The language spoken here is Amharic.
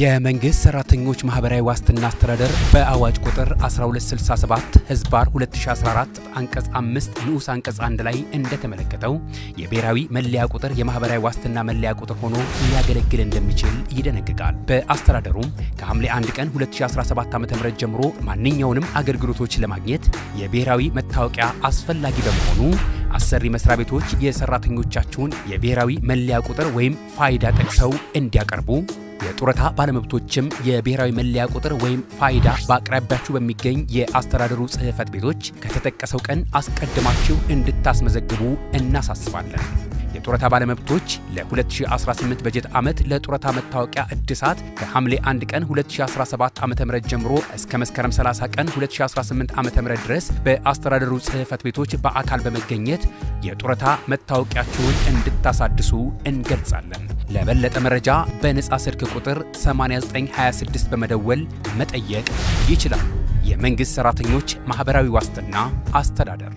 የመንግስት ሰራተኞች ማህበራዊ ዋስትና አስተዳደር በአዋጅ ቁጥር 1267 ህዝባር 2014 አንቀጽ 5 ንዑስ አንቀጽ 1 ላይ እንደተመለከተው የብሔራዊ መለያ ቁጥር የማህበራዊ ዋስትና መለያ ቁጥር ሆኖ ሊያገለግል እንደሚችል ይደነግጋል። በአስተዳደሩም ከሐምሌ 1 ቀን 2017 ዓ.ም ጀምሮ ማንኛውንም አገልግሎቶች ለማግኘት የብሔራዊ መታወቂያ አስፈላጊ በመሆኑ አሰሪ መስሪያ ቤቶች የሰራተኞቻቸውን የብሔራዊ መለያ ቁጥር ወይም ፋይዳ ጠቅሰው እንዲያቀርቡ የጡረታ ባለመብቶችም የብሔራዊ መለያ ቁጥር ወይም ፋይዳ በአቅራቢያችሁ በሚገኝ የአስተዳደሩ ጽህፈት ቤቶች ከተጠቀሰው ቀን አስቀድማችሁ እንድታስመዘግቡ እናሳስባለን። የጡረታ ባለመብቶች ለ2018 በጀት ዓመት ለጡረታ መታወቂያ እድሳት ከሐምሌ 1 ቀን 2017 ዓ ም ጀምሮ እስከ መስከረም 30 ቀን 2018 ዓ ም ድረስ በአስተዳደሩ ጽህፈት ቤቶች በአካል በመገኘት የጡረታ መታወቂያችሁን እንድታሳድሱ እንገልጻለን። ለበለጠ መረጃ በነፃ ስልክ ቁጥር 8926 በመደወል መጠየቅ ይችላል የመንግሥት ሠራተኞች ማኅበራዊ ዋስትና አስተዳደር